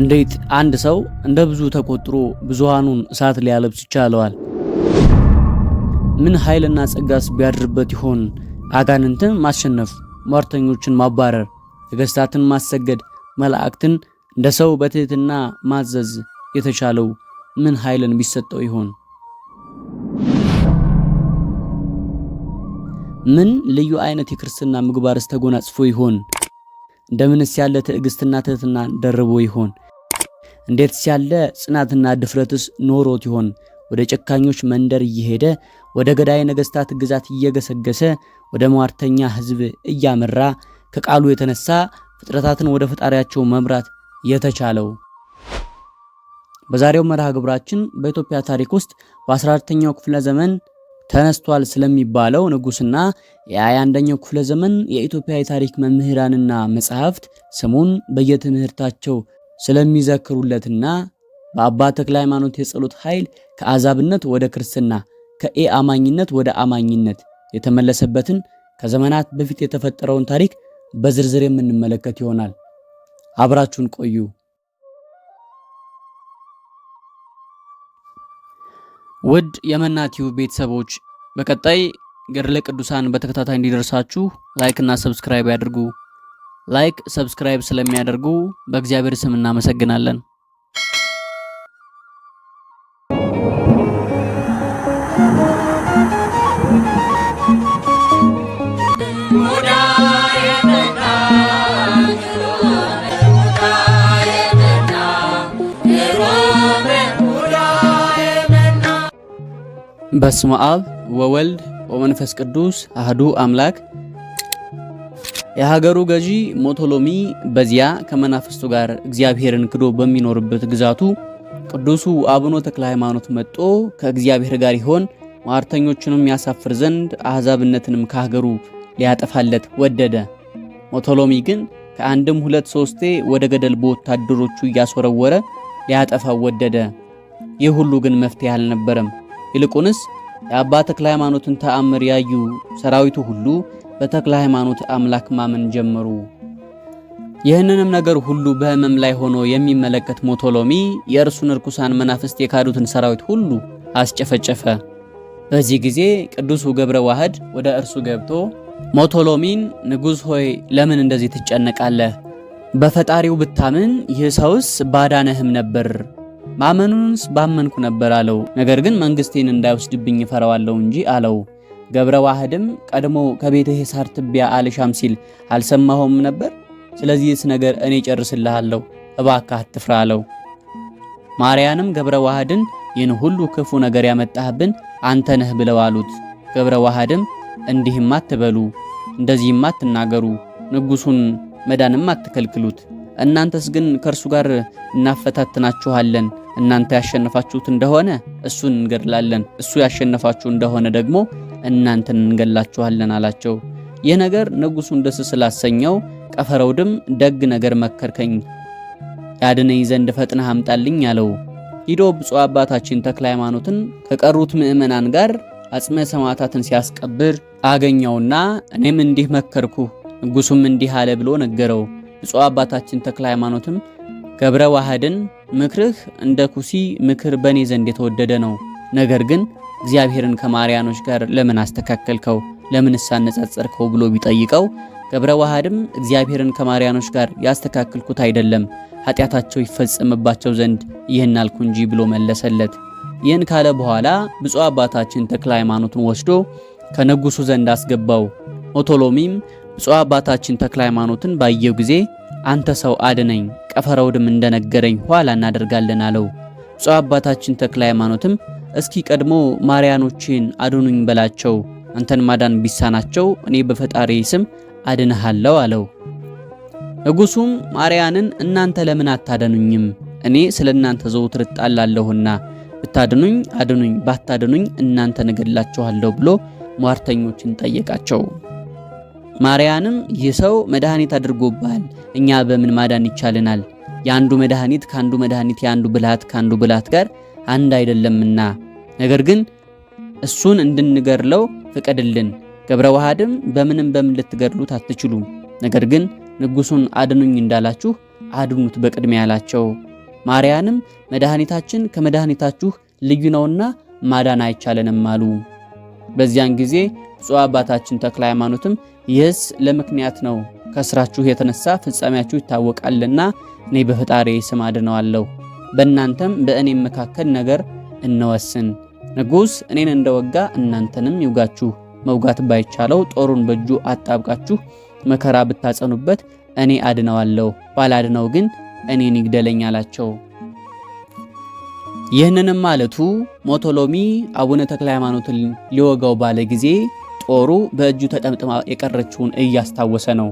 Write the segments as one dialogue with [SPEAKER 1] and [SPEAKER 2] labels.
[SPEAKER 1] እንዴት አንድ ሰው እንደ ብዙ ተቆጥሮ ብዙሃኑን እሳት ሊያለብስ ይቻለዋል? ምን ኃይልና ጸጋስ ቢያድርበት ይሆን? አጋንንትን ማሸነፍ፣ ሟርተኞችን ማባረር፣ ነገሥታትን ማሰገድ፣ መላእክትን እንደ ሰው በትህትና ማዘዝ የተቻለው ምን ኃይልን ቢሰጠው ይሆን? ምን ልዩ አይነት የክርስትና ምግባርስ ተጎናጽፎ ይሆን? እንደምንስ ያለ ትዕግስትና ትህትና ደርቦ ይሆን? እንዴትስ ያለ ጽናትና ድፍረትስ ኖሮት ይሆን? ወደ ጨካኞች መንደር እየሄደ ወደ ገዳይ ነገስታት ግዛት እየገሰገሰ ወደ ሟርተኛ ሕዝብ እያመራ ከቃሉ የተነሳ ፍጥረታትን ወደ ፈጣሪያቸው መምራት የተቻለው። በዛሬው መርሃ ግብራችን በኢትዮጵያ ታሪክ ውስጥ በ14ኛው ክፍለ ዘመን ተነስቷል ስለሚባለው ንጉስና የ21ኛው ክፍለ ዘመን የኢትዮጵያ የታሪክ መምህራንና መጻሕፍት ስሙን በየትምህርታቸው ስለሚዘክሩለትና በአባ ተክለ ሃይማኖት የጸሎት ኃይል ከአዛብነት ወደ ክርስትና ከኤ አማኝነት ወደ አማኝነት የተመለሰበትን ከዘመናት በፊት የተፈጠረውን ታሪክ በዝርዝር የምንመለከት ይሆናል። አብራችሁን ቆዩ። ውድ የመናቲው ቤተሰቦች በቀጣይ ገድለ ቅዱሳን በተከታታይ እንዲደርሳችሁ ላይክ እና ሰብስክራይብ ያድርጉ። ላይክ ሰብስክራይብ ስለሚያደርጉ በእግዚአብሔር ስም እናመሰግናለን። በስመ አብ ወወልድ ወመንፈስ ቅዱስ አህዱ አምላክ። የሀገሩ ገዢ ሞቶሎሚ በዚያ ከመናፍስቱ ጋር እግዚአብሔርን ክዶ በሚኖርበት ግዛቱ ቅዱሱ አቡነ ተክለ ሃይማኖት መጦ ከእግዚአብሔር ጋር ይሆን ሟርተኞቹንም ያሳፍር ዘንድ አሕዛብነትንም ከሀገሩ ሊያጠፋለት ወደደ። ሞቶሎሚ ግን ከአንድም ሁለት ሶስቴ ወደ ገደል በወታደሮቹ እያስወረወረ ሊያጠፋው ወደደ። ይህ ሁሉ ግን መፍትሄ አልነበረም። ይልቁንስ የአባ ተክለ ሃይማኖትን ተአምር ያዩ ሰራዊቱ ሁሉ በተክለ ሃይማኖት አምላክ ማመን ጀመሩ። ይህንንም ነገር ሁሉ በህመም ላይ ሆኖ የሚመለከት ሞቶሎሚ የእርሱን ርኩሳን መናፍስት የካዱትን ሰራዊት ሁሉ አስጨፈጨፈ። በዚህ ጊዜ ቅዱሱ ገብረ ዋህድ ወደ እርሱ ገብቶ ሞቶሎሚን ንጉሥ ሆይ ለምን እንደዚህ ትጨነቃለህ? በፈጣሪው ብታምን ይህ ሰውስ ባዳነህም ነበር ማመኑንስ ባመንኩ ነበር አለው። ነገር ግን መንግስቴን እንዳይወስድብኝ እፈራዋለሁ እንጂ አለው። ገብረ ዋህድም ቀድሞ ከቤትህ የሳር ትቢያ አልሻም ሲል አልሰማሁም ነበር? ስለዚህስ ነገር እኔ ጨርስልሃለሁ፣ እባካ አትፍራ አለው። ማርያንም ገብረ ዋህድን ይህን ሁሉ ክፉ ነገር ያመጣህብን አንተ ነህ ብለው አሉት። ገብረ ዋህድም እንዲህም አትበሉ፣ እንደዚህም አትናገሩ፣ ንጉሱን መዳንም አትከልክሉት። እናንተስ ግን ከእርሱ ጋር እናፈታትናችኋለን እናንተ ያሸነፋችሁት እንደሆነ እሱን እንገድላለን፣ እሱ ያሸነፋችሁ እንደሆነ ደግሞ እናንተን እንገላችኋለን አላቸው። ይህ ነገር ንጉሱን ደስ ስላሰኘው ቀፈረው ድም ደግ ነገር መከርከኝ፣ ያድነኝ ዘንድ ፈጥነህ አምጣልኝ አለው። ሂዶ ብፁዕ አባታችን ተክለ ሃይማኖትን ከቀሩት ምእመናን ጋር አጽመ ሰማዕታትን ሲያስቀብር አገኘውና እኔም እንዲህ መከርኩ ንጉሱም እንዲህ አለ ብሎ ነገረው። ብፁዕ አባታችን ተክለ ሃይማኖትም ገብረ ዋህድን ምክርህ እንደ ኩሲ ምክር በእኔ ዘንድ የተወደደ ነው። ነገር ግን እግዚአብሔርን ከማርያኖች ጋር ለምን አስተካከልከው? ለምን ሳነጻጸርከው? ብሎ ቢጠይቀው ገብረ ዋህድም እግዚአብሔርን ከማርያኖች ጋር ያስተካከልኩት አይደለም፣ ኃጢአታቸው ይፈጸምባቸው ዘንድ ይህን አልኩ እንጂ ብሎ መለሰለት። ይህን ካለ በኋላ ብፁዕ አባታችን ተክለ ሃይማኖትን ወስዶ ከንጉሱ ዘንድ አስገባው። ኦቶሎሚም ብፁዕ አባታችን ተክለ ሃይማኖትን ባየው ጊዜ አንተ ሰው አድነኝ ቀፈረውድም እንደነገረኝ ኋላ እናደርጋለን አለው። ብፁዕ አባታችን ተክለ ሃይማኖትም እስኪ ቀድሞ ማርያኖችን አድኑኝ በላቸው፣ አንተን ማዳን ቢሳናቸው እኔ በፈጣሪ ስም አድንሃለሁ አለው። ንጉሱም ማርያንን እናንተ ለምን አታደኑኝም? እኔ ስለ እናንተ ዘውትር እጣላለሁና ብታድኑኝ አድኑኝ፣ ባታድኑኝ እናንተ እገድላችኋለሁ ብሎ ሟርተኞችን ጠየቃቸው። ማርያንም ይህ ሰው መድኃኒት አድርጎብሃል፣ እኛ በምን ማዳን ይቻልናል? የአንዱ መድኃኒት ከአንዱ መድኃኒት፣ የአንዱ ብልሃት ከአንዱ ብልሃት ጋር አንድ አይደለምና፣ ነገር ግን እሱን እንድንገድለው ፍቀድልን። ገብረ ዋህድም በምንም በምን ልትገድሉት አትችሉም፣ ነገር ግን ንጉሱን አድኑኝ እንዳላችሁ አድኑት በቅድሚያ ያላቸው። ማርያንም መድኃኒታችን ከመድኃኒታችሁ ልዩ ነውና ማዳን አይቻለንም አሉ። በዚያን ጊዜ ብፁዕ አባታችን ተክለ ሃይማኖትም ይህስ ለምክንያት ነው፣ ከስራችሁ የተነሳ ፍጻሜያችሁ ይታወቃልና እኔ በፈጣሪ ስም አድነዋለሁ። በእናንተም በእኔም መካከል ነገር እንወስን። ንጉሥ እኔን እንደወጋ እናንተንም ይውጋችሁ። መውጋት ባይቻለው ጦሩን በእጁ አጣብቃችሁ መከራ ብታጸኑበት እኔ አድነዋለሁ፣ ባላድነው ግን እኔን ይግደለኝ አላቸው። ይህንንም ማለቱ ሞቶሎሚ አቡነ ተክለ ሃይማኖትን ሊወጋው ባለ ጊዜ ጦሩ በእጁ ተጠምጥማ የቀረችውን እያስታወሰ ነው።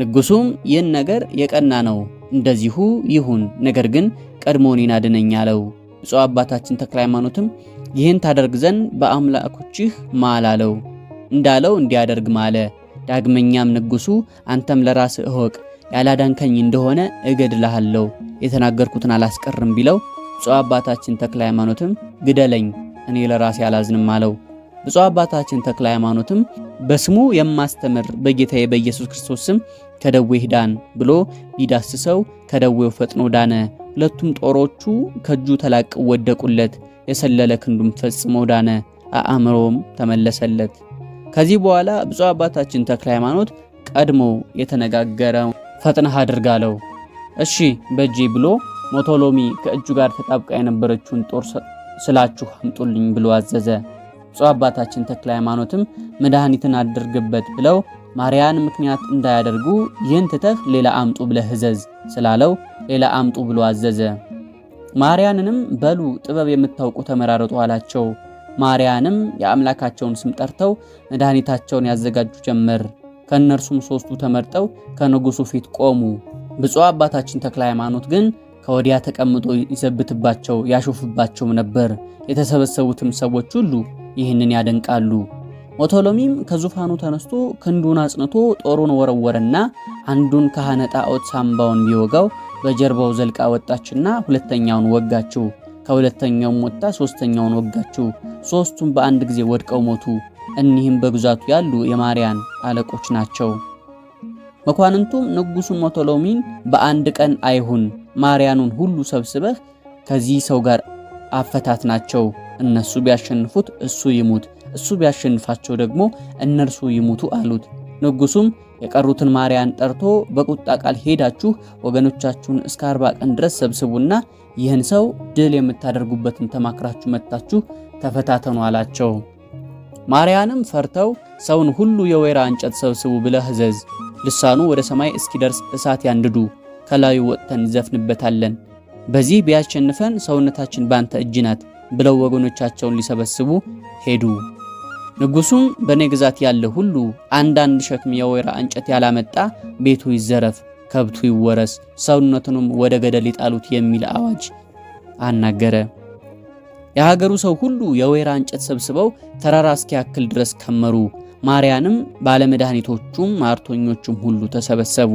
[SPEAKER 1] ንጉሱም ይህን ነገር የቀና ነው፣ እንደዚሁ ይሁን፣ ነገር ግን ቀድሞን ይናድነኝ አለው። ብፁዕ አባታችን ተክለ ሃይማኖትም ይህን ታደርግ ዘንድ በአምላኮችህ ማል አለው። እንዳለው እንዲያደርግ ማለ። ዳግመኛም ንጉሱ አንተም ለራስ እወቅ፣ ያላዳንከኝ እንደሆነ እገድልሃለሁ፣ የተናገርኩትን አላስቀርም ቢለው ብፁዕ አባታችን ተክለ ሃይማኖትም ግደለኝ፣ እኔ ለራሴ አላዝንም አለው። ብፁዕ አባታችን ተክለ ሃይማኖትም በስሙ የማስተምር በጌታዬ በኢየሱስ ክርስቶስ ስም ከደዌህ ዳን ብሎ ይዳስሰው ከደዌው ፈጥኖ ዳነ። ሁለቱም ጦሮቹ ከእጁ ተላቅ ወደቁለት። የሰለለ ክንዱም ፈጽሞ ዳነ፣ አእምሮም ተመለሰለት። ከዚህ በኋላ ብፁዕ አባታችን ተክለ ሃይማኖት ቀድሞ የተነጋገረው ፈጥነህ አድርጋለው እሺ በጄ ብሎ ሞቶሎሚ ከእጁ ጋር ተጣብቃ የነበረችውን ጦር ስላችሁ አምጡልኝ ብሎ አዘዘ። ብፁዕ አባታችን ተክለ ሃይማኖትም መድኃኒትን አድርግበት ብለው ማርያን ምክንያት እንዳያደርጉ ይህን ትተህ ሌላ አምጡ ብለህ እዘዝ ስላለው ሌላ አምጡ ብሎ አዘዘ። ማርያንንም በሉ ጥበብ የምታውቁ ተመራረጡ አላቸው። ማርያንም የአምላካቸውን ስም ጠርተው መድኃኒታቸውን ያዘጋጁ ጀመር። ከእነርሱም ሶስቱ ተመርጠው ከንጉሱ ፊት ቆሙ። ብፁዕ አባታችን ተክለ ሃይማኖት ግን ከወዲያ ተቀምጦ ይዘብትባቸው ያሾፍባቸውም ነበር። የተሰበሰቡትም ሰዎች ሁሉ ይህንን ያደንቃሉ። ኦቶሎሚም ከዙፋኑ ተነስቶ ክንዱን አጽንቶ ጦሩን ወረወረና አንዱን ካህነ ጣዖት ሳምባውን ቢወጋው በጀርባው ዘልቃ ወጣችና ሁለተኛውን ወጋችው። ከሁለተኛውም ወጣ ሶስተኛውን ወጋችው። ሶስቱም በአንድ ጊዜ ወድቀው ሞቱ። እኒህም በግዛቱ ያሉ የማርያን አለቆች ናቸው። መኳንንቱም ንጉሱን ኦቶሎሚን በአንድ ቀን አይሁን፣ ማርያኑን ሁሉ ሰብስበህ ከዚህ ሰው ጋር አፈታት ናቸው እነሱ ቢያሸንፉት እሱ ይሙት፣ እሱ ቢያሸንፋቸው ደግሞ እነርሱ ይሙቱ አሉት። ንጉሱም የቀሩትን ማርያን ጠርቶ በቁጣ ቃል ሄዳችሁ ወገኖቻችሁን እስከ አርባ ቀን ድረስ ሰብስቡና ይህን ሰው ድል የምታደርጉበትን ተማክራችሁ መጥታችሁ ተፈታተኑ አላቸው። ማርያንም ፈርተው ሰውን ሁሉ የወይራ እንጨት ሰብስቡ ብለህ እዘዝ፣ ልሳኑ ወደ ሰማይ እስኪደርስ እሳት ያንድዱ፣ ከላዩ ወጥተን እንዘፍንበታለን። በዚህ ቢያሸንፈን ሰውነታችን ባንተ እጅ ናት ብለው ወገኖቻቸውን ሊሰበስቡ ሄዱ። ንጉሱም በእኔ ግዛት ያለ ሁሉ አንዳንድ ሸክም የወይራ እንጨት ያላመጣ ቤቱ ይዘረፍ፣ ከብቱ ይወረስ፣ ሰውነቱንም ወደ ገደል ይጣሉት የሚል አዋጅ አናገረ። የሀገሩ ሰው ሁሉ የወይራ እንጨት ሰብስበው ተራራ እስኪያክል ድረስ ከመሩ። ማርያንም ባለመድኃኒቶቹም ማርቶኞቹም ሁሉ ተሰበሰቡ።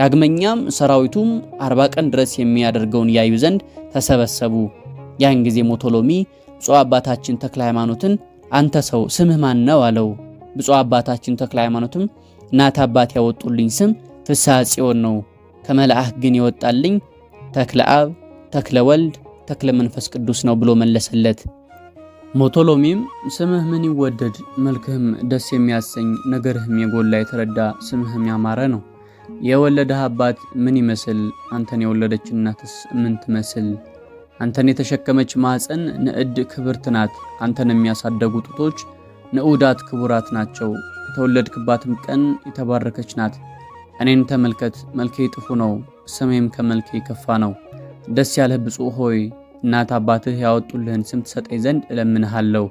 [SPEAKER 1] ዳግመኛም ሰራዊቱም አርባ ቀን ድረስ የሚያደርገውን ያዩ ዘንድ ተሰበሰቡ። ያን ጊዜ ሞቶሎሚ ብፁዕ አባታችን ተክለ ሃይማኖትን አንተ ሰው ስምህ ማን ነው አለው። ብፁዕ አባታችን ተክለ ሃይማኖትም እናት አባት ያወጡልኝ ስም ፍስሐ ጽዮን ነው፣ ከመላእክ ግን የወጣልኝ ተክለ አብ፣ ተክለ ወልድ፣ ተክለ መንፈስ ቅዱስ ነው ብሎ መለሰለት። ሞቶሎሚም ስምህ ምን ይወደድ፣ መልክህም ደስ የሚያሰኝ ነገርህም የጎላ የተረዳ ስምህም ያማረ ነው። የወለደህ አባት ምን ይመስል፣ አንተን የወለደች እናትስ ምን ትመስል አንተን የተሸከመች ማፀን ንዕድ ክብርት ናት። አንተን የሚያሳደጉ ጡቶች ንዑዳት ክቡራት ናቸው። የተወለድክባትም ቀን የተባረከች ናት። እኔን ተመልከት፣ መልኬ ጥፉ ነው፣ ስሜም ከመልኬ የከፋ ነው። ደስ ያለህ ብፁዕ ሆይ እናት አባትህ ያወጡልህን ስም ትሰጠኝ ዘንድ እለምንሃለሁ፣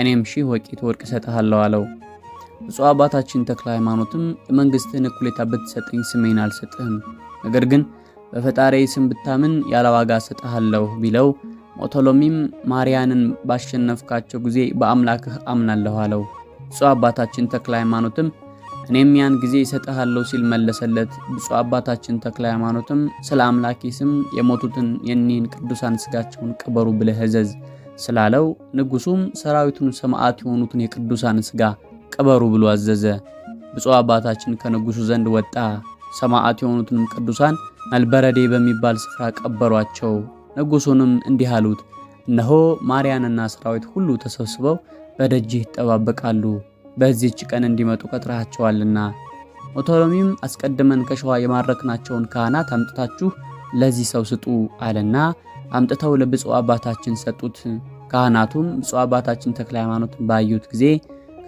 [SPEAKER 1] እኔም ሺህ ወቂት ወርቅ እሰጥሃለሁ አለው። ብፁዕ አባታችን ተክለ ሃይማኖትም የመንግሥትህን እኩሌታ ብትሰጠኝ ስሜን አልሰጥህም፣ ነገር ግን በፈጣሪ ስም ብታምን ያለ ዋጋ ሰጥሃለሁ ቢለው ሞቶሎሚም ማርያንን ባሸነፍካቸው ጊዜ በአምላክህ አምናለሁ አለው። ብፁዕ አባታችን ተክለ ሃይማኖትም እኔም ያን ጊዜ ይሰጥሃለሁ ሲል መለሰለት። ብፁዕ አባታችን ተክለ ሃይማኖትም ስለ አምላኬ ስም የሞቱትን የኒህን ቅዱሳን ስጋቸውን ቅበሩ ብለህ እዘዝ ስላለው ንጉሱም ሰራዊቱን ሰማዕት የሆኑትን የቅዱሳን ስጋ ቅበሩ ብሎ አዘዘ። ብፁዕ አባታችን ከንጉሱ ዘንድ ወጣ። ሰማዕት የሆኑትንም ቅዱሳን አልበረዴ በሚባል ስፍራ ቀበሯቸው። ንጉሱንም እንዲህ አሉት፣ እነሆ ማርያንና ሰራዊት ሁሉ ተሰብስበው በደጅህ ይጠባበቃሉ፣ በዚህች ቀን እንዲመጡ ቀጥረሃቸዋልና። ኦቶሎሚም አስቀድመን ከሸዋ የማረክናቸውን ካህናት አምጥታችሁ ለዚህ ሰው ስጡ አለና አምጥተው ለብፁዕ አባታችን ሰጡት። ካህናቱም ብፁዕ አባታችን ተክለ ሃይማኖትን ባዩት ጊዜ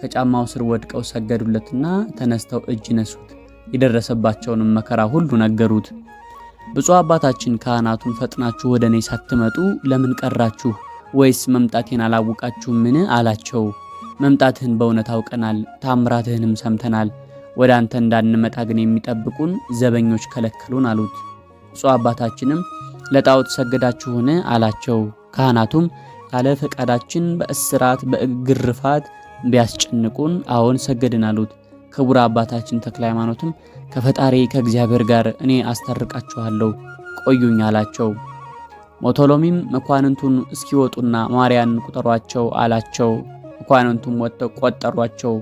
[SPEAKER 1] ከጫማው ስር ወድቀው ሰገዱለትና ተነስተው እጅ ነሱት። የደረሰባቸውንም መከራ ሁሉ ነገሩት። ብፁዕ አባታችን ካህናቱን ፈጥናችሁ ወደ እኔ ሳትመጡ ለምን ቀራችሁ? ወይስ መምጣቴን አላወቃችሁ ምን አላቸው። መምጣትህን በእውነት አውቀናል፣ ታምራትህንም ሰምተናል። ወደ አንተ እንዳንመጣ ግን የሚጠብቁን ዘበኞች ከለከሉን አሉት። ብፁዕ አባታችንም ለጣዖት ሰገዳችሁን አላቸው። ካህናቱም ያለ ፈቃዳችን በእስራት በግርፋት ቢያስጨንቁን አዎን ሰገድን አሉት። ክቡር አባታችን ተክለ ሃይማኖትም ከፈጣሪ ከእግዚአብሔር ጋር እኔ አስታርቃችኋለሁ ቆዩኝ አላቸው። ሞቶሎሚም መኳንንቱን እስኪወጡና ማርያን ቁጠሯቸው አላቸው። መኳንንቱም ወጥተው ቆጠሯቸው።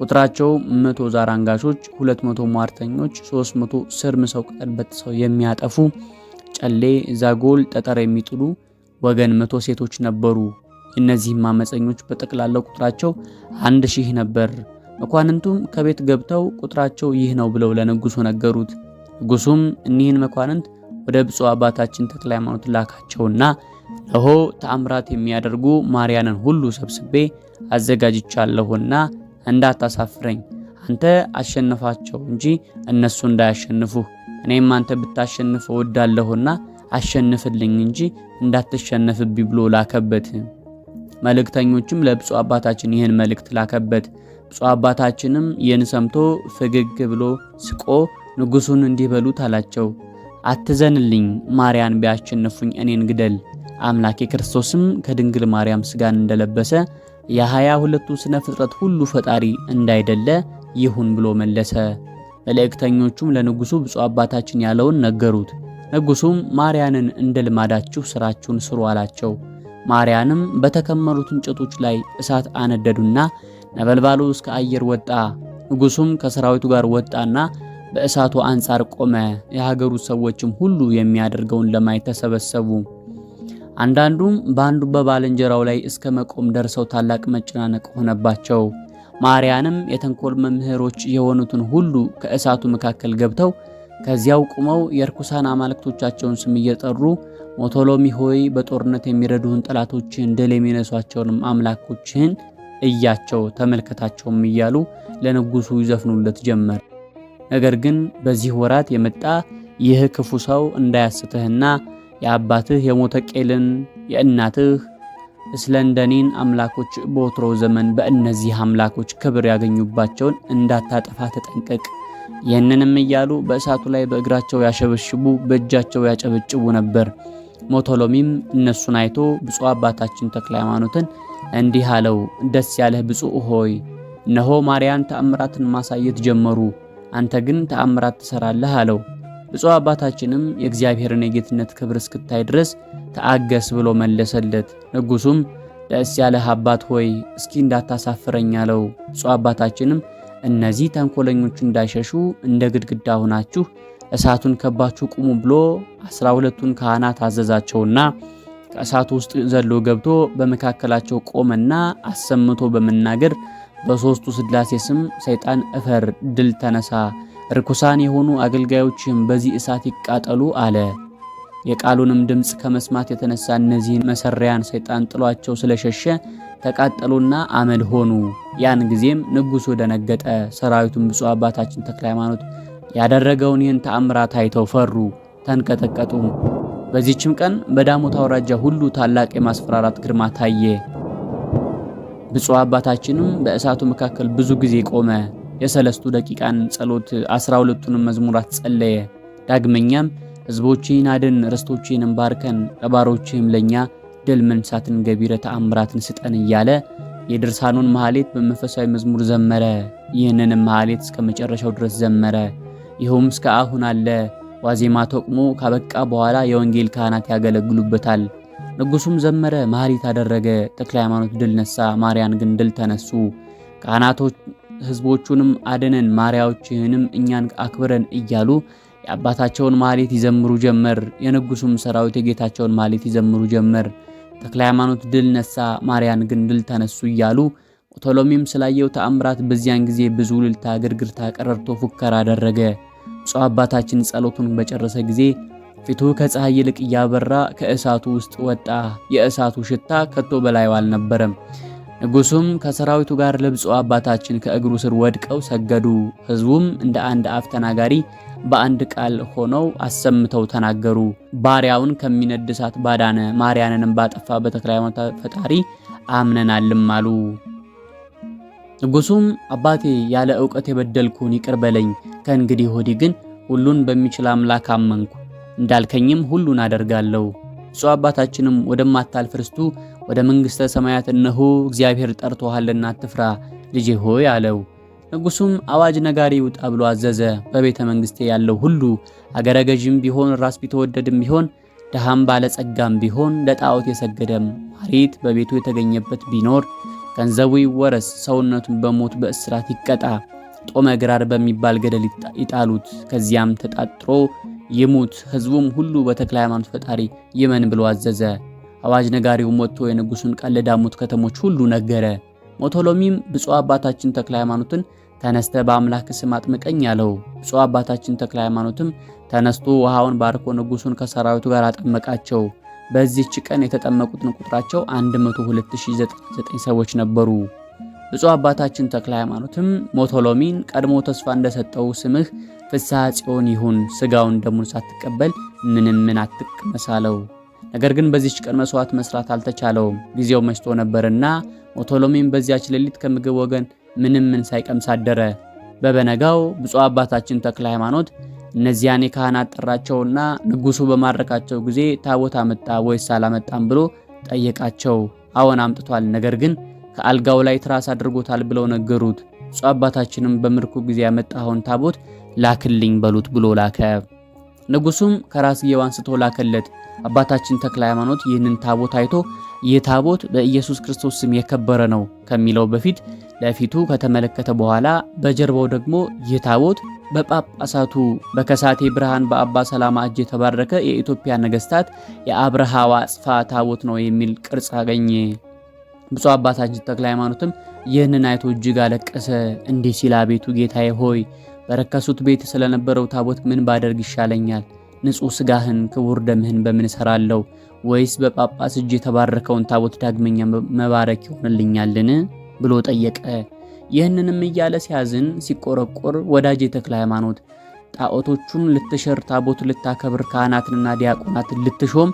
[SPEAKER 1] ቁጥራቸው መቶ ዛራንጋሾች፣ ሁለት መቶ ሟርተኞች፣ ሶስት መቶ ስር ምሰው ቅጠል በጥሰው የሚያጠፉ ጨሌ፣ ዛጎል፣ ጠጠር የሚጥሉ ወገን መቶ ሴቶች ነበሩ። እነዚህም አመፀኞች በጠቅላላው ቁጥራቸው አንድ ሺህ ነበር። መኳንንቱም ከቤት ገብተው ቁጥራቸው ይህ ነው ብለው ለንጉሱ ነገሩት። ንጉሱም እኒህን መኳንንት ወደ ብፁዕ አባታችን ተክለ ሃይማኖት ላካቸውና ለሆ ተአምራት የሚያደርጉ ማርያንን ሁሉ ሰብስቤ አዘጋጅቻለሁና እንዳታሳፍረኝ፣ አንተ አሸነፋቸው እንጂ እነሱ እንዳያሸንፉ፣ እኔም አንተ ብታሸንፍ እወዳለሁና አሸንፍልኝ እንጂ እንዳትሸነፍብኝ ብሎ ላከበት። መልእክተኞችም ለብፁዕ አባታችን ይህን መልእክት ላከበት። ብፁዕ አባታችንም ይህን ሰምቶ ፈገግ ብሎ ስቆ ንጉሱን እንዲህ በሉት አላቸው። አትዘንልኝ፣ ማርያን ቢያሸንፉኝ እኔን ግደል። አምላኬ ክርስቶስም ከድንግል ማርያም ስጋን እንደለበሰ የሃያ ሁለቱ ስነ ፍጥረት ሁሉ ፈጣሪ እንዳይደለ ይሁን ብሎ መለሰ። መልእክተኞቹም ለንጉሱ ብፁዕ አባታችን ያለውን ነገሩት። ንጉሱም ማርያንን እንደ ልማዳችሁ ስራችሁን ስሩ አላቸው። ማርያንም በተከመሩት እንጨቶች ላይ እሳት አነደዱና ነበልባሉ እስከ አየር ወጣ። ንጉሱም ከሰራዊቱ ጋር ወጣና በእሳቱ አንጻር ቆመ። የሀገሩ ሰዎችም ሁሉ የሚያደርገውን ለማየት ተሰበሰቡ። አንዳንዱም በአንዱ በባልንጀራው ላይ እስከ መቆም ደርሰው ታላቅ መጨናነቅ ሆነባቸው። ማርያንም የተንኮል መምህሮች የሆኑትን ሁሉ ከእሳቱ መካከል ገብተው ከዚያው ቁመው የርኩሳን አማልክቶቻቸውን ስም እየጠሩ ሞቶሎሚ ሆይ በጦርነት የሚረዱህን ጠላቶችህን ድል የሚነሷቸውንም አምላኮችህን እያቸው ተመልከታቸውም እያሉ ለንጉሱ ይዘፍኑለት ጀመር። ነገር ግን በዚህ ወራት የመጣ ይህ ክፉ ሰው እንዳያስትህና የአባትህ የሞተቄልን የእናትህ እስለንደኒን አምላኮች በወትሮ ዘመን በእነዚህ አምላኮች ክብር ያገኙባቸውን እንዳታጠፋ ተጠንቀቅ። ይህንንም እያሉ በእሳቱ ላይ በእግራቸው ያሸበሽቡ፣ በእጃቸው ያጨበጭቡ ነበር። ሞቶሎሚም እነሱን አይቶ ብፁዕ አባታችን ተክለ ሃይማኖትን እንዲህ አለው፣ ደስ ያለህ ብፁዕ ሆይ እነሆ ማርያም ተአምራትን ማሳየት ጀመሩ፣ አንተ ግን ተአምራት ትሰራለህ አለው። ብፁዕ አባታችንም የእግዚአብሔርን የጌትነት ክብር እስክታይ ድረስ ተአገስ ብሎ መለሰለት። ንጉሱም ደስ ያለህ አባት ሆይ እስኪ እንዳታሳፍረኝ አለው። ብፁዕ አባታችንም እነዚህ ተንኮለኞቹ እንዳይሸሹ እንደ ግድግዳ ሆናችሁ እሳቱን ከባችሁ ቁሙ ብሎ አስራ ሁለቱን ካህናት አዘዛቸውና ከእሳት ውስጥ ዘሎ ገብቶ በመካከላቸው ቆመና አሰምቶ በመናገር በሦስቱ ሥላሴ ስም ሰይጣን እፈር፣ ድል ተነሳ፣ ርኩሳን የሆኑ አገልጋዮችም በዚህ እሳት ይቃጠሉ አለ። የቃሉንም ድምፅ ከመስማት የተነሳ እነዚህን መሰሪያን ሰይጣን ጥሏቸው ስለሸሸ ተቃጠሉና አመድ ሆኑ። ያን ጊዜም ንጉሡ ደነገጠ። ሰራዊቱን ብፁዕ አባታችን ተክለ ሃይማኖት ያደረገውን ይህን ተአምራት አይተው ፈሩ፣ ተንቀጠቀጡ። በዚህችም ቀን በዳሞት አውራጃ ሁሉ ታላቅ የማስፈራራት ግርማ ታየ። ብፁዕ አባታችንም በእሳቱ መካከል ብዙ ጊዜ ቆመ። የሰለስቱ ደቂቃን ጸሎት አስራ ሁለቱንም መዝሙራት ጸለየ። ዳግመኛም ሕዝቦችን አድን፣ ርስቶችንም ባርከን፣ ለባሮችህም ለእኛ ድል መንሳትን ገቢረ ተአምራትን ስጠን እያለ የድርሳኑን መሐሌት በመንፈሳዊ መዝሙር ዘመረ። ይህንንም መሐሌት እስከ መጨረሻው ድረስ ዘመረ። ይኸውም እስከ አሁን አለ። ዋዜማ ተቁሞ ካበቃ በኋላ የወንጌል ካህናት ያገለግሉበታል። ንጉሱም ዘመረ፣ ማህሌት አደረገ። ተክለ ሃይማኖት ድል ነሳ፣ ማርያን ግን ድል ተነሱ። ካህናቶች ህዝቦቹንም አድነን ማሪያዎችህንም እኛን አክብረን እያሉ የአባታቸውን ማህሌት ይዘምሩ ጀመር። የንጉሱም ሰራዊት የጌታቸውን ማህሌት ይዘምሩ ጀመር። ተክለ ሃይማኖት ድል ነሳ፣ ማርያን ግን ድል ተነሱ እያሉ ኦቶሎሚም ስላየው ተአምራት በዚያን ጊዜ ብዙ ልልታ ግርግርታ፣ ቀረርቶ ፉከራ አደረገ። ብፁዕ አባታችን ጸሎቱን በጨረሰ ጊዜ ፊቱ ከፀሐይ ይልቅ እያበራ ከእሳቱ ውስጥ ወጣ። የእሳቱ ሽታ ከቶ በላዩ አልነበረም። ንጉሱም ከሰራዊቱ ጋር ለብፁዕ አባታችን ከእግሩ ስር ወድቀው ሰገዱ። ህዝቡም እንደ አንድ አፍ ተናጋሪ በአንድ ቃል ሆነው አሰምተው ተናገሩ። ባሪያውን ከሚነድ እሳት ባዳነ ማርያንንም ባጠፋ በተክለ ሃይማኖት ፈጣሪ አምነናልም አሉ። ንጉሱም አባቴ ያለ ዕውቀት የበደልኩን ይቅር በለኝ ከእንግዲህ ወዲህ ግን ሁሉን በሚችል አምላክ አመንኩ፣ እንዳልከኝም ሁሉን አደርጋለሁ። ብፁዕ አባታችንም ወደማታልፍ ርስቱ ወደ መንግሥተ ሰማያት እነሆ እግዚአብሔር ጠርቶሃልና አትፍራ ልጄ ሆይ አለው። ንጉሡም አዋጅ ነጋሪ ውጣ ብሎ አዘዘ። በቤተ መንግሥቴ ያለው ሁሉ አገረ ገዥም ቢሆን ራስ ቢተወደድም ቢሆን ድሃም ባለጸጋም ቢሆን ለጣዖት የሰገደም ማሪት በቤቱ የተገኘበት ቢኖር ገንዘቡ ይወረስ፣ ሰውነቱን በሞት በእስራት ይቀጣ፣ ጦመ ግራር በሚባል ገደል ይጣሉት፣ ከዚያም ተጣጥሮ ይሙት። ህዝቡም ሁሉ በተክለ ሃይማኖት ፈጣሪ ይመን ብሎ አዘዘ። አዋጅ ነጋሪውም ወጥቶ የንጉሱን ቃል ለዳሙት ከተሞች ሁሉ ነገረ። ሞቶሎሚም ብፁዕ አባታችን ተክለ ሃይማኖትን ተነስተ በአምላክ ስም አጥምቀኝ አለው። ብፁዕ አባታችን ተክለ ሃይማኖትም ተነስቶ ውሃውን ባርኮ ንጉሱን ከሰራዊቱ ጋር አጠመቃቸው። በዚህች ቀን የተጠመቁትን ቁጥራቸው 102909 ሰዎች ነበሩ። ብፁዕ አባታችን ተክለ ሃይማኖትም ሞቶሎሚን ቀድሞ ተስፋ እንደሰጠው ስምህ ፍስሐ ጽዮን ይሁን፣ ስጋውን ደሙን ሳትቀበል ምንም ምን አትቅመሳለው። ነገር ግን በዚች ቀን መስዋዕት መስራት አልተቻለውም፣ ጊዜው መሽቶ ነበርና ሞቶሎሚን በዚያች ሌሊት ከምግብ ወገን ምንም ምን ሳይቀምስ አደረ። በበነጋው ብፁዕ አባታችን ተክለ ሃይማኖት እነዚያን የካህናት ጠራቸውና ንጉሱ በማረካቸው ጊዜ ታቦት አመጣ ወይስ አላመጣም ብሎ ጠየቃቸው። አዎን አምጥቷል፣ ነገር ግን ከአልጋው ላይ ትራስ አድርጎታል ብለው ነገሩት። እጹ አባታችንም በምርኮ ጊዜ ያመጣኸውን ታቦት ላክልኝ በሉት ብሎ ላከ። ንጉሱም ከራስጌው አንስቶ ላከለት። አባታችን ተክለ ሃይማኖት ይህንን ታቦት አይቶ ይህ ታቦት በኢየሱስ ክርስቶስ ስም የከበረ ነው ከሚለው በፊት ለፊቱ ከተመለከተ በኋላ በጀርባው ደግሞ ይህ ታቦት በጳጳሳቱ በከሳቴ ብርሃን በአባ ሰላማ እጅ የተባረከ የኢትዮጵያ ነገስታት የአብርሃ ጽፋ ታቦት ነው የሚል ቅርጽ አገኘ። ብፁዕ አባታችን ተክለ ሃይማኖትም ይህንን አይቶ እጅግ አለቀሰ። እንዲህ ሲል አቤቱ ጌታዬ ሆይ በረከሱት ቤት ስለነበረው ታቦት ምን ባደርግ ይሻለኛል? ንጹሕ ስጋህን ክቡር ደምህን በምን እሰራለሁ? ወይስ በጳጳስ እጅ የተባረከውን ታቦት ዳግመኛ መባረክ ይሆንልኛልን? ብሎ ጠየቀ። ይህንንም እያለ ሲያዝን ሲቆረቆር፣ ወዳጅ ተክለ ሃይማኖት ጣዖቶቹን ልትሸር ታቦት ልታከብር ካህናትንና ዲያቆናትን ልትሾም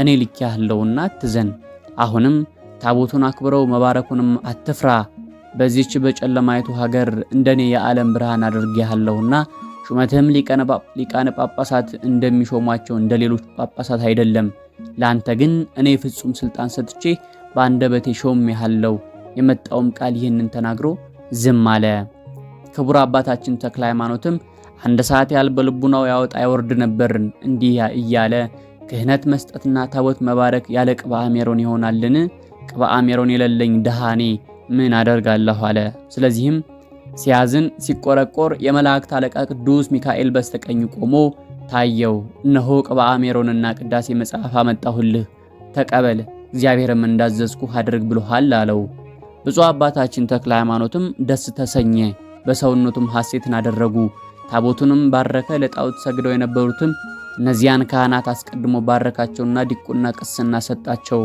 [SPEAKER 1] እኔ ልኪያለሁና ትዘን አሁንም ታቦቱን አክብረው መባረኩንም አትፍራ። በዚህች በጨለማይቱ ሀገር እንደኔ የዓለም ብርሃን አድርጌሃለሁና ሹመትህም ሊቃነ ጳጳሳት እንደሚሾሟቸው እንደ ሌሎች ጳጳሳት አይደለም። ለአንተ ግን እኔ ፍጹም ስልጣን ሰጥቼ በአንደበቴ ሾሜሃለሁ። የመጣውም ቃል ይህንን ተናግሮ ዝም አለ። ክቡር አባታችን ተክለ ሃይማኖትም አንድ ሰዓት ያህል በልቡናው ያወጣ ያወርድ ነበርን። እንዲህ እያለ ክህነት መስጠትና ታቦት መባረክ ያለ ቅብአ ሜሮን ይሆናልን? ቅብአሜሮን የሌለኝ ድሃኔ ምን አደርጋለሁ አለ። ስለዚህም ሲያዝን ሲቆረቆር የመላእክት አለቃ ቅዱስ ሚካኤል በስተቀኝ ቆሞ ታየው። እነሆ ቅብአሜሮንና ቅዳሴ መጽሐፍ አመጣሁልህ ተቀበል፣ እግዚአብሔርም እንዳዘዝኩ አድርግ ብሎሃል አለው። ብፁዕ አባታችን ተክለ ሃይማኖትም ደስ ተሰኘ፣ በሰውነቱም ሐሴትን አደረጉ። ታቦቱንም ባረከ። ለጣዖት ሰግደው የነበሩትን እነዚያን ካህናት አስቀድሞ ባረካቸውና ዲቁና ቅስና ሰጣቸው።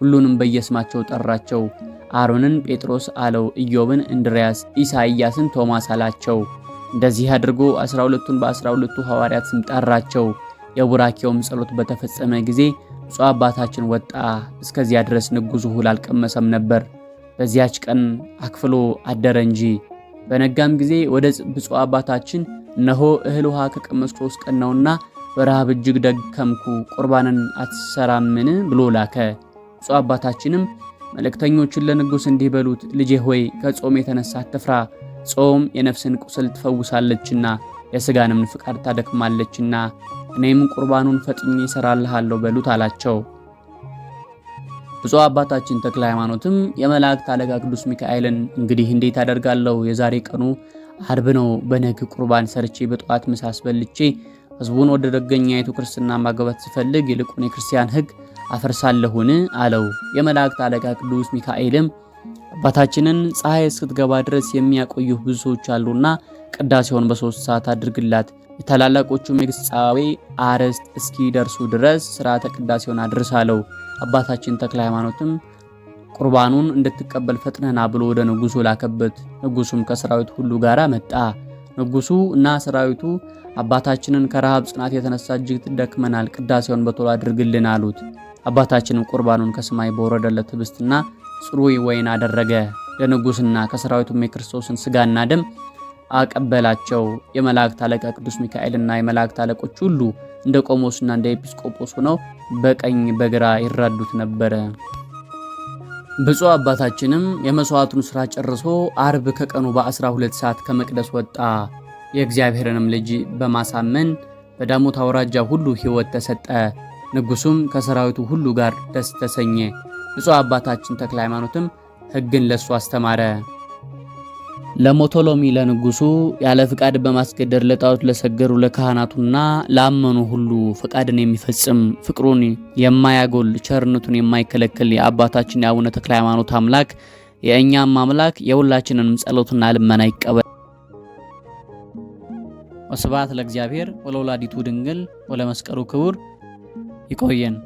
[SPEAKER 1] ሁሉንም በየስማቸው ጠራቸው። አሮንን ጴጥሮስ አለው፣ ኢዮብን እንድርያስ፣ ኢሳይያስን ቶማስ አላቸው። እንደዚህ አድርጎ 12ቱን በ12ቱ ሐዋርያት ስም ጠራቸው። የቡራኬውም ጸሎት በተፈጸመ ጊዜ ብፁዕ አባታችን ወጣ። እስከዚያ ድረስ ንጉሡ እህል አልቀመሰም ነበር። በዚያች ቀን አክፍሎ አደረ እንጂ። በነጋም ጊዜ ወደ ብፁዕ አባታችን እነሆ እህል ውሃ ከቀመስኩ ሦስት ቀን ነውና በረሃብ እጅግ ደከምኩ፣ ቁርባንን አትሰራምን ብሎ ላከ። ብፁዕ አባታችንም መልእክተኞችን ለንጉሥ እንዲህ በሉት፣ ልጄ ሆይ ከጾም የተነሳ አትፍራ። ጾም የነፍስን ቁስል ትፈውሳለችና የሥጋንም ፍቃድ ታደክማለችና እኔም ቁርባኑን ፈጥኜ ይሰራልሃለሁ በሉት አላቸው። ብፁዕ አባታችን ተክለ ሃይማኖትም የመላእክት አለቃ ቅዱስ ሚካኤልን እንግዲህ እንዴት አደርጋለሁ? የዛሬ ቀኑ አርብ ነው። በነግ ቁርባን ሰርቼ በጠዋት ምሳ አስበልቼ ህዝቡን ወደ ደገኛይቱ ክርስትና ማገባት ስፈልግ ይልቁን የክርስቲያን ህግ። አፈርሳለሁን አለው። የመላእክት አለቃ ቅዱስ ሚካኤልም አባታችንን ፀሐይ እስክትገባ ድረስ የሚያቆዩ ብዙ ሰዎች አሉና ቅዳሴውን በሶስት ሰዓት አድርግላት የታላላቆቹም የግሳዌ አርዕስት እስኪደርሱ ድረስ ስርዓተ ቅዳሴውን አድርሳለው። አባታችን ተክለ ሃይማኖትም ቁርባኑን እንድትቀበል ፈጥነና ብሎ ወደ ንጉሱ ላከበት። ንጉሱም ከሰራዊት ሁሉ ጋር መጣ። ንጉሱ እና ሰራዊቱ አባታችንን ከረሃብ ጽናት የተነሳ እጅግ ደክመናል፣ ቅዳሴውን በቶሎ አድርግልን አሉት። አባታችንም ቁርባኑን ከሰማይ በወረደለት ህብስትና ጽሩይ ወይን አደረገ። ለንጉሥና ከሰራዊቱም የክርስቶስን ስጋና ደም አቀበላቸው። የመላእክት አለቃ ቅዱስ ሚካኤልና የመላእክት አለቆች ሁሉ እንደ ቆሞስና እንደ ኤጲስቆጶስ ሆነው በቀኝ በግራ ይራዱት ነበረ። ብፁዕ አባታችንም የመስዋዕቱን ሥራ ጨርሶ አርብ ከቀኑ በ12 ሰዓት ከመቅደስ ወጣ። የእግዚአብሔርንም ልጅ በማሳመን በዳሞት አውራጃ ሁሉ ሕይወት ተሰጠ። ንጉሱም ከሰራዊቱ ሁሉ ጋር ደስ ተሰኘ። ብፁዕ አባታችን ተክለ ሃይማኖትም ሕግን ለሱ አስተማረ። ለሞቶሎሚ ለንጉሱ ያለ ፍቃድ በማስገደድ ለጣዖት ለሰገሩ ለካህናቱና ላመኑ ሁሉ ፍቃድን የሚፈጽም ፍቅሩን የማያጎል ቸርነቱን የማይከለክል የአባታችን የአቡነ ተክለ ሃይማኖት አምላክ የእኛም አምላክ የሁላችንንም ጸሎትና ልመና ይቀበል። ወስብሐት ለእግዚአብሔር ወለወላዲቱ ድንግል ወለመስቀሉ ክቡር ይቆየን።